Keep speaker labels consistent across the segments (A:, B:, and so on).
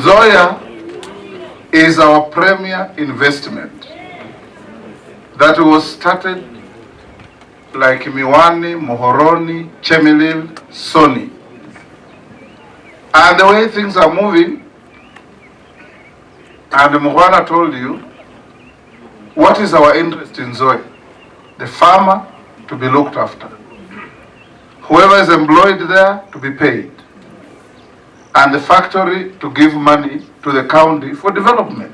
A: Zoya is our premier investment that was started like Miwani, Mohoroni, Chemilil, Soni. And the way things are moving, and Mugwana told you, what is our interest in Zoe? The farmer to be looked after. Whoever is employed there to be paid. and the factory to give money to the county for development.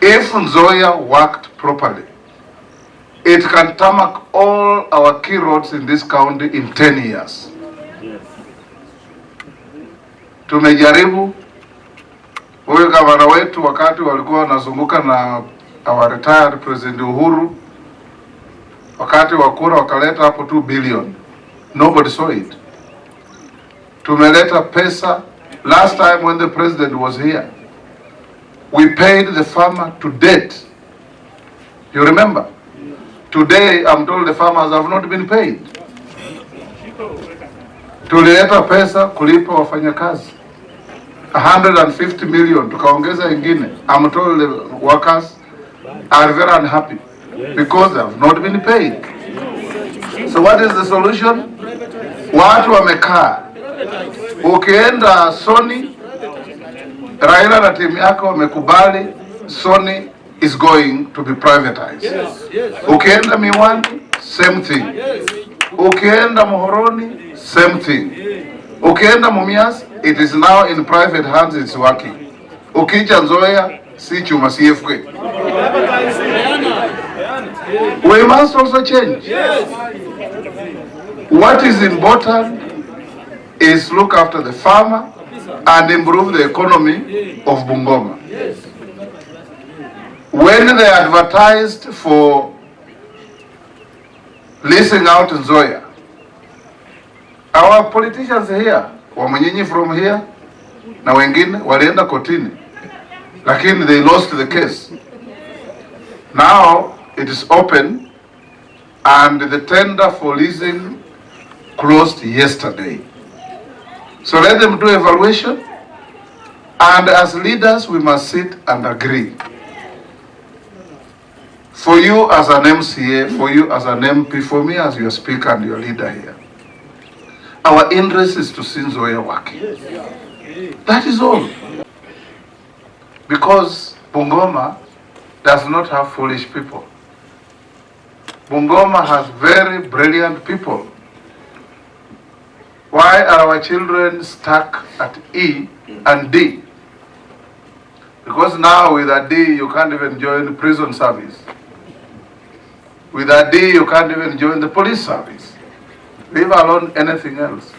A: If nzoya worked properly, it can tarmac all our key roads in this county in 10 years. Tumejaribu. Huyu gavana wetu wakati walikuwa wanazunguka na our retired President Uhuru, wakati wa kura wakaleta hapo 2 billion. Nobody saw it tumeleta pesa. Last time when the president was here we paid the farmer to date. You remember? Today I'm told the farmers have not been paid. Tulileta pesa kulipa wafanyakazi 150 million, tukaongeza ingine. I'm told the workers are very unhappy because they have not been paid. So what is the solution? Watu wamekaa Ukienda Sony, Raila na timu yako wamekubali Sony is going to be privatized. Yes, yes. Ukienda Miwani, same thing. Ukienda Muhoroni, same thing. Ukienda Mumias, it is now in private hands, it's working. Ukija Nzoia, si chuma FK. We must also change. What is important is look after the farmer and improve the economy of Bungoma. When they advertised for leasing out Nzoia, our politicians here Wamanyinyi from here na wengine walienda kotini, lakini they lost the case. Now it is open and the tender for leasing closed yesterday. So let them do evaluation. And as leaders, we must sit and agree. For you as an MCA, for you as an MP, for me as your speaker and your leader here, our interest is to see Nzoia working. That is all. Because Bungoma does not have foolish people. Bungoma has very brilliant people Why are our children stuck at E and D? Because now with a D you can't even join prison service. With a D you can't even join the police service. Leave alone anything else.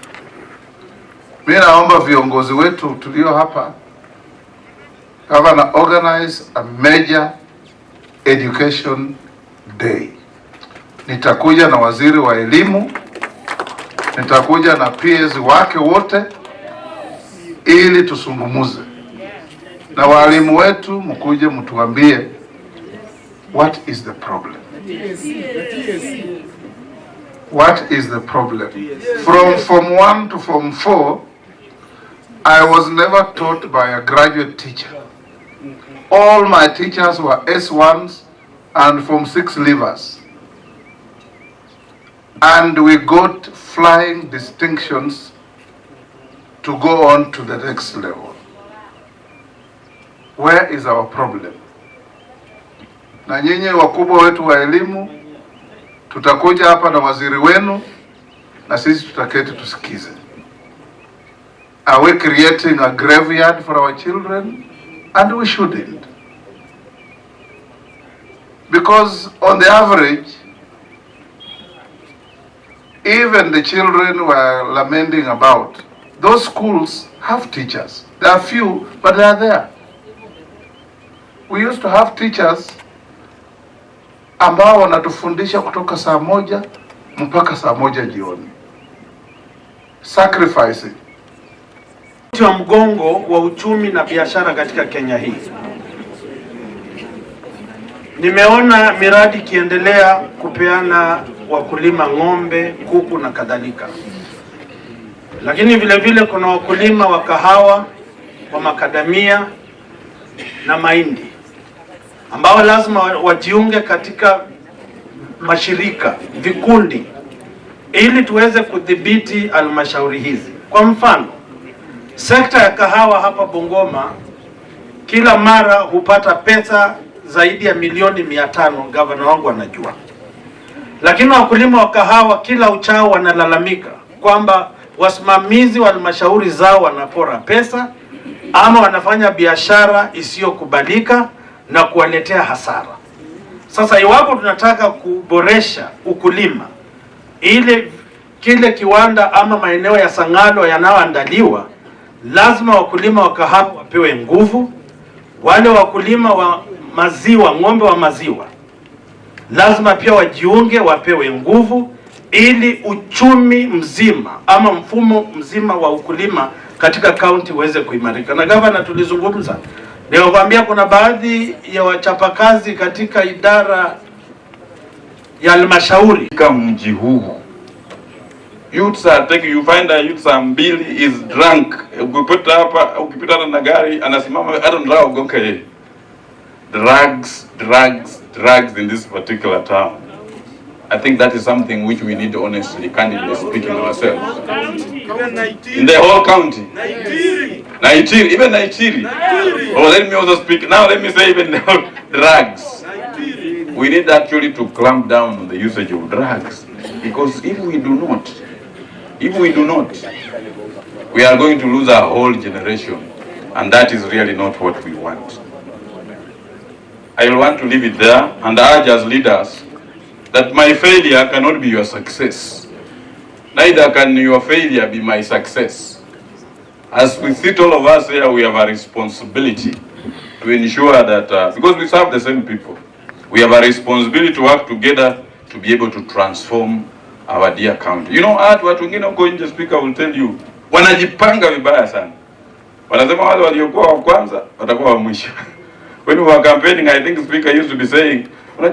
A: Mimi naomba viongozi wetu tulio hapa gavana organize a major education day. Nitakuja na waziri wa elimu nitakuja na ps wake wote ili tusungumuze na walimu wetu, mkuje mtuambie what is the problem, what is the problem from form 1 to form 4. I was never taught by a graduate teacher. All my teachers were S1s and form 6 leavers and we got flying distinctions to go on to the next level. Where is our problem? Na nyinyi wakubwa wetu wa elimu, tutakuja hapa na waziri wenu, na sisi tutaketi tusikize. Are we creating a graveyard for our children? And we shouldn't. Because on the average even the children were lamenting about. Those schools have teachers. There are few, but they are there. We used to have teachers ambao wanatufundisha kutoka saa moja mpaka saa moja jioni. Sacrifice wa mgongo wa uchumi na biashara katika Kenya hii. Nimeona miradi ikiendelea kupeana wakulima ng'ombe, kuku na kadhalika, lakini vile vile kuna wakulima wa kahawa, wa makadamia na mahindi ambao lazima wajiunge katika mashirika, vikundi ili tuweze kudhibiti halmashauri hizi. Kwa mfano, sekta ya kahawa hapa Bungoma kila mara hupata pesa zaidi ya milioni mia tano. Gavana wangu anajua. Lakini wakulima wa kahawa kila uchao wanalalamika kwamba wasimamizi wa halmashauri zao wanapora pesa ama wanafanya biashara isiyokubalika na kuwaletea hasara. Sasa iwapo tunataka kuboresha ukulima, ile kile kiwanda ama maeneo ya Sang'alo yanayoandaliwa, lazima wakulima wa kahawa wapewe nguvu, wale wakulima wa maziwa, ng'ombe wa maziwa lazima pia wajiunge, wapewe nguvu ili uchumi mzima ama mfumo mzima wa ukulima katika kaunti uweze kuimarika. Na gavana, tulizungumza nilikwambia, kuna baadhi ya wachapakazi katika idara ya halmashauri katika mji huu youths are taking, you find a youth saa mbili is drunk. Ukipita hapa, ukipita na gari anasimama hata ndao gonka drugs drugs drugs in this particular town. I think that is something which we need to honestly, candidly speaking ourselves. In the whole county. Naitiri, even Naitiri. Oh, let me also speak. Now let me say even drugs. We need actually to clamp down on the usage of drugs. Because if we do not, if we do not, we are going to lose our whole generation. And that is really not what we want. I want to leave it there and urge as leaders that my failure cannot be your success. Neither can your failure be my success. As we sit all of us here, we have a responsibility to ensure that, uh, because we serve the same people, we have a responsibility to work together to be able to transform our dear country. You know, watu watu wengine huko nje, speaker will tell you, wanajipanga vibaya sana. Wanasema wale waliokuwa wa kwanza watakuwa wa mwisho. When we were campaigning, I think the Speaker used to be saying